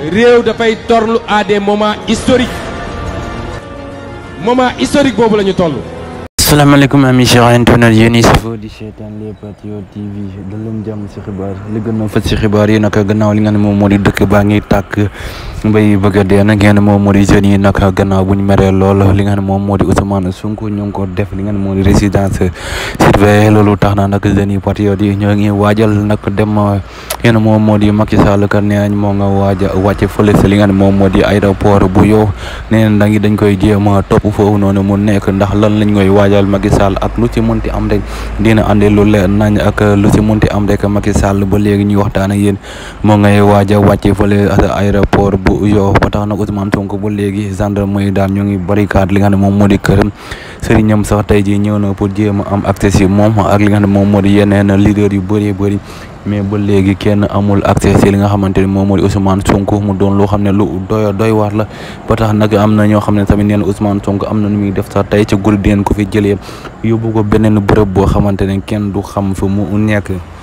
réew dafay torlu à des moments historiques moment historique boobu la ñu toll. asalaamaaleykum amis chers internautes yéen sifo di seetaan les patriotes TV da jàmm si xibaar li gën a fës ci xibaar yi naka gannaaw li nga ne moom moo di dëkk baa ngi tàkk mbéy bëgg dee nag moom moo di jeunes yi naka gannaaw bu ñu meree lool li nga moom moo di Ousmane Sonko ñu ngi ko def li nga ne moo di résidence surveillée loolu tax na nag jeunes yi yi ñoo ngi waajal nag dem ki nga moom moo di Macky Sall kat moo nga waaj a li nga ne moom moo di aéroport bu yow nee nañ da ngi dañ koy jéem a topp foofu noonu mu nekk ndax lan lañ koy waaja Macky Sall ak lu ci mënti am rek dina andi lu leer nañ ak lu ci mënti am rek Macky Sall ba léegi ñuy waxtaan ak yéen moo ngay waaj a wàcc fële aéroport bu yow ba tax na Ousmane Sonko ba léegi gendarmerie daal ñu ngi barricade li nga ne moom moo di këram sëriñam sax tey jii ñëw na pour jéem a am accès si moom ak li nga ne moom moo di yeneen leader yu bëree bëri mais ba léegi kenn amul accès li nga xamante ni moom mooy di Ousmane Sonko mu doon loo xam ne lu doy doy waar la ba tax nag am na ñoo xam ne tamit neen Ousmane Sonko am na nu muy def sax tey ca guddi dinañ ko fi jëlee yóbbu ko beneen bërëb boo xamante ne kenn du xam fu mu nekk.